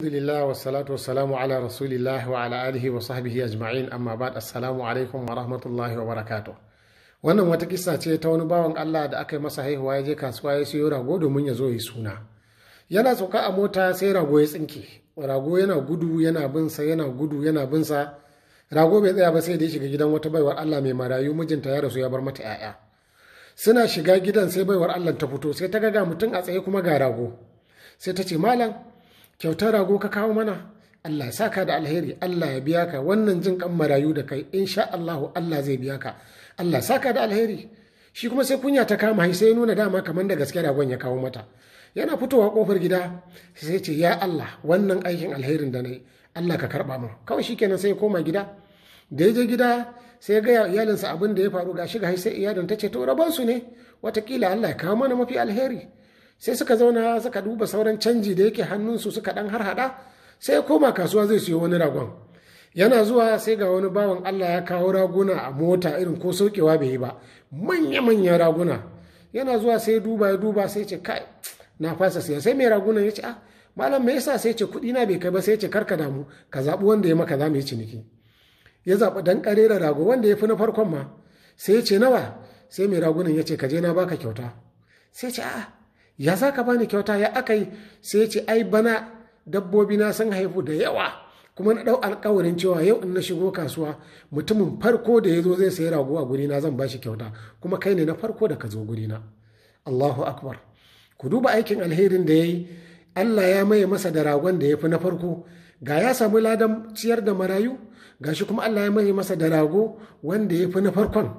Alhamdulillah wa salatu wa salamu ala rasulillah wa ala alihi wa sahbihi ajma'in amma ba'd assalamu alaikum wa rahmatullahi wa barakatuh. Wannan wata kisa ce ta wani bawan Allah da aka yi masa haihuwa ya je kasuwa ya siyo rago domin ya zo yi suna. Yana sauka a mota sai rago ya tsinke. Rago yana gudu yana bin sa yana gudu yana bin sa. Rago bai tsaya ba sai da ya shiga gidan wata baiwar Allah mai marayu mijinta ya rasu ya bar mata 'ya'ya. Suna shiga gidan sai baiwar Allah ta fito sai ta ga mutum a tsaye kuma ga rago. Sai ta ce malam kyautar rago ka kawo mana Allah ya saka da alheri Allah ya biya ka wannan jin kan marayu da kai insha Allahu Allah zai biya ka Allah ya saka da alheri shi kuma sai kunya ta kama sai ya nuna dama kamar da gaske ragon ya kawo mata yana fitowa kofar gida sai ce ya Allah wannan aikin alherin da na yi Allah ka karba mu kawai shi kenan sai koma gida da ya je gida sai ya gaya iyalinsa abin da ya faru gashi ga sai iyalin ta ce to su ne watakila Allah ya kawo mana mafi alheri sai suka zauna suka duba sauran canji da yake hannunsu suka dan harhaɗa sai ya koma kasuwa zai siyo wani ragon yana zuwa sai ga wani bawan allah ya kawo raguna a mota irin ko saukewa bai yi ba manya-manyan raguna yana zuwa sai duba ya duba sai ce kai na fasa siya sai mai ragunan ya ce ah malam me yasa sai ce kuɗi na bai kai ba sai ce ka damu ka zaɓi wanda ya maka za mu yi ciniki ya zaɓi dan da rago wanda ya fi na farkon ma sai ya ce nawa sai mai ragunan ya ce ka je na baka kyauta sai ce a. Ah, ya za ka bani kyauta ya aka yi sai ya ce ai bana dabbobi na sun haifu da yawa kuma na dau alkawarin cewa yau in na shigo kasuwa mutumin farko da ya zo zai sayi rago a gurina zan bashi kyauta kuma kai ne na farko da ka zo gurina allahu akbar ku duba aikin alherin da ya yi allah ya maye masa da ragon da ya fi na farko ga ya samu ladan ciyar da marayu ga shi kuma allah ya maye masa da rago wanda ya fi na farkon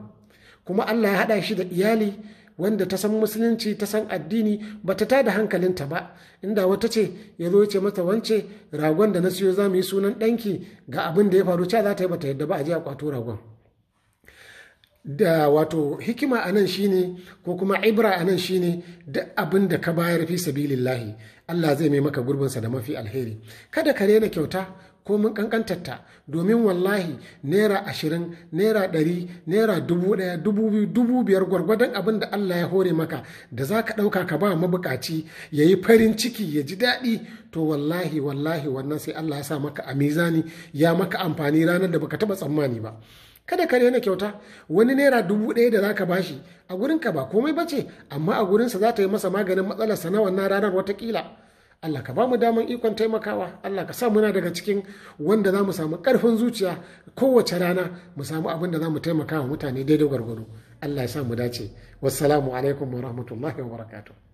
kuma allah ya haɗa shi da iyali wanda ta san musulunci ta san addini ba ta tada hankalinta ba inda wata ce ya zo ce mata wance ragon da na siyo za mu yi sunan ɗanki ga abin da ya faru ca za ta yi ba ta yadda ba a je a kwato ragon da wato hikima a nan shine ko kuma ibra a nan shine da abin da ka bayar fi sabilillahi Allah zai mai maka gurbinsa da mafi alheri kada ka rena kyauta ko mun kankantatta, domin wallahi naira ashirin naira ɗari naira dubu ɗaya dubu biyu dubu biyar gwargwadon abin da Allah ya hore maka da za ka ɗauka ka ba mabukaci ya yi farin ciki ya ji daɗi to wallahi wallahi wannan sai Allah ya sa maka a mizani ya maka amfani ranar da baka taɓa tsammani ba kada ka daina kyauta wani naira dubu ɗaya da zaka bashi a gurinka ba komai bace amma a gurinsa za ta yi masa maganin matsalar sa na wannan ranar watakila Allah ka ba mu daman ikon taimakawa Allah ka sa muna daga cikin wanda za mu samu ƙarfin zuciya kowace rana mu samu abin da za mu taimakawa wa mutane daidai gwargwado Allah ya sa mu dace wassalamu alaikum wa rahmatullahi wa barakatuh